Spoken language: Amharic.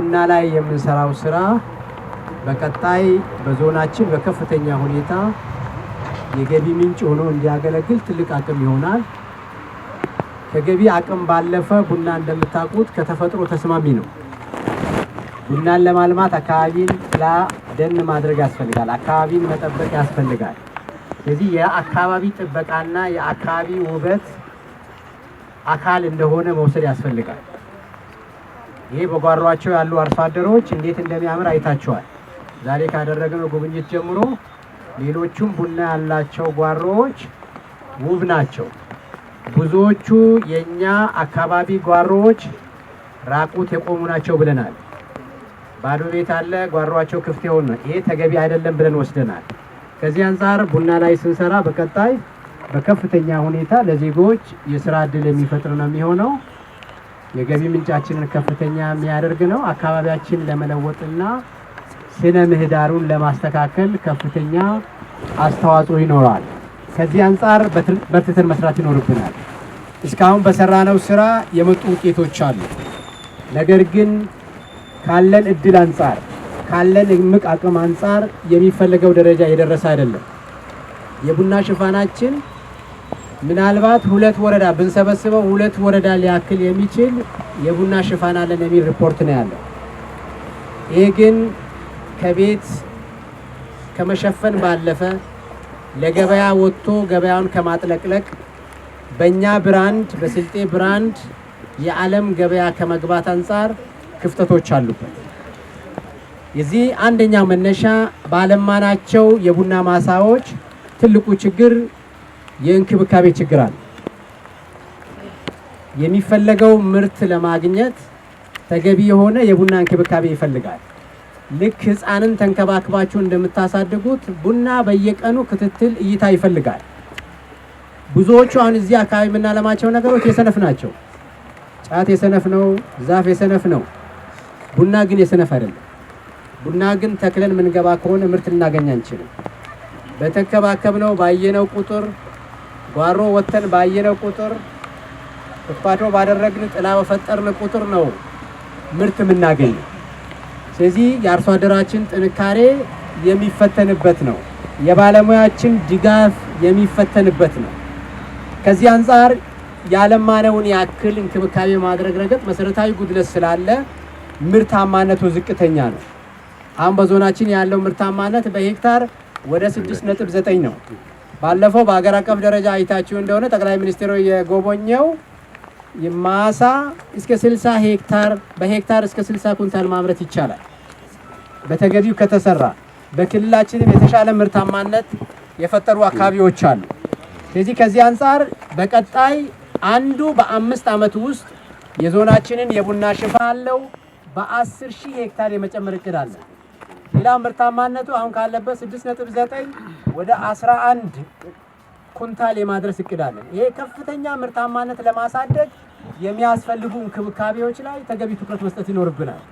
በቡና ላይ የምንሰራው ስራ በቀጣይ በዞናችን በከፍተኛ ሁኔታ የገቢ ምንጭ ሆኖ እንዲያገለግል ትልቅ አቅም ይሆናል። ከገቢ አቅም ባለፈ ቡና እንደምታውቁት ከተፈጥሮ ተስማሚ ነው። ቡናን ለማልማት አካባቢን ደን ማድረግ ያስፈልጋል። አካባቢን መጠበቅ ያስፈልጋል። ስለዚህ የአካባቢ ጥበቃና የአካባቢ ውበት አካል እንደሆነ መውሰድ ያስፈልጋል። ይህ በጓሯቸው ያሉ አርሶ አደሮች እንዴት እንደሚያምር አይታችኋል። ዛሬ ካደረግነው ጉብኝት ጀምሮ ሌሎቹም ቡና ያላቸው ጓሮዎች ውብ ናቸው። ብዙዎቹ የእኛ አካባቢ ጓሮዎች ራቁት የቆሙ ናቸው ብለናል። ባዶ ቤት አለ፣ ጓሮቸው ክፍት የሆነ ይሄ ተገቢ አይደለም ብለን ወስደናል። ከዚህ አንጻር ቡና ላይ ስንሰራ በቀጣይ በከፍተኛ ሁኔታ ለዜጎች የስራ እድል የሚፈጥር ነው የሚሆነው። የገቢ ምንጫችንን ከፍተኛ የሚያደርግ ነው። አካባቢያችን ለመለወጥና ስነ ምህዳሩን ለማስተካከል ከፍተኛ አስተዋጽኦ ይኖረዋል። ከዚህ አንጻር በርትተን መስራት ይኖርብናል። እስካሁን በሰራነው ስራ የመጡ ውጤቶች አሉ። ነገር ግን ካለን እድል አንጻር ካለን እምቅ አቅም አንጻር የሚፈለገው ደረጃ የደረሰ አይደለም። የቡና ሽፋናችን ምናልባት ሁለት ወረዳ ብንሰበስበው ሁለት ወረዳ ሊያክል የሚችል የቡና ሽፋን አለን የሚል ሪፖርት ነው ያለው። ይሄ ግን ከቤት ከመሸፈን ባለፈ ለገበያ ወጥቶ ገበያውን ከማጥለቅለቅ በእኛ ብራንድ በስልጤ ብራንድ የዓለም ገበያ ከመግባት አንጻር ክፍተቶች አሉበት። የዚህ አንደኛው መነሻ ባለማናቸው የቡና ማሳዎች ትልቁ ችግር የእንክብካቤ ችግር አለ። የሚፈለገው ምርት ለማግኘት ተገቢ የሆነ የቡና እንክብካቤ ይፈልጋል። ልክ ህፃንን ተንከባክባችሁ እንደምታሳድጉት ቡና በየቀኑ ክትትል፣ እይታ ይፈልጋል። ብዙዎቹ አሁን እዚህ አካባቢ የምናለማቸው ነገሮች የሰነፍ ናቸው። ጫት የሰነፍ ነው፣ ዛፍ የሰነፍ ነው። ቡና ግን የሰነፍ አይደለም። ቡና ግን ተክለን ምንገባ ከሆነ ምርት ልናገኝ አንችልም። በተንከባከብነው ባየነው ቁጥር ጓሮ ወተን ባየነ ቁጥር ቁፋቶ ባደረግን ጥላ በፈጠርን ቁጥር ነው ምርት የምናገኝ። ስለዚህ የአርሶ አደራችን ጥንካሬ የሚፈተንበት ነው። የባለሙያችን ድጋፍ የሚፈተንበት ነው። ከዚህ አንጻር ያለማነውን ያክል እንክብካቤ ማድረግ ረገጥ መሰረታዊ ጉድለት ስላለ ምርታማነቱ ዝቅተኛ ነው። አሁን በዞናችን ያለው ምርታማነት በሄክታር ወደ 6.9 ነው። ባለፈው በሀገር አቀፍ ደረጃ አይታችሁ እንደሆነ ጠቅላይ ሚኒስትሩ የጎበኘው ማሳ እስከ 60 ሄክታር በሄክታር እስከ 60 ኩንታል ማምረት ይቻላል በተገቢው ከተሰራ። በክልላችንም የተሻለ ምርታማነት የፈጠሩ አካባቢዎች አሉ። ስለዚህ ከዚህ አንጻር በቀጣይ አንዱ በአምስት ዓመት ውስጥ የዞናችንን የቡና ሽፋ አለው በአስር ሺህ ሄክታር የመጨመር እቅድ አለን። ሌላ ምርታማነቱ አሁን ካለበት 6.9 ወደ 11 ኩንታል የማድረስ እቅድ ይሄ ከፍተኛ ምርታማነት ለማሳደግ የሚያስፈልጉ እንክብካቤዎች ላይ ተገቢ ትኩረት መስጠት ይኖርብናል።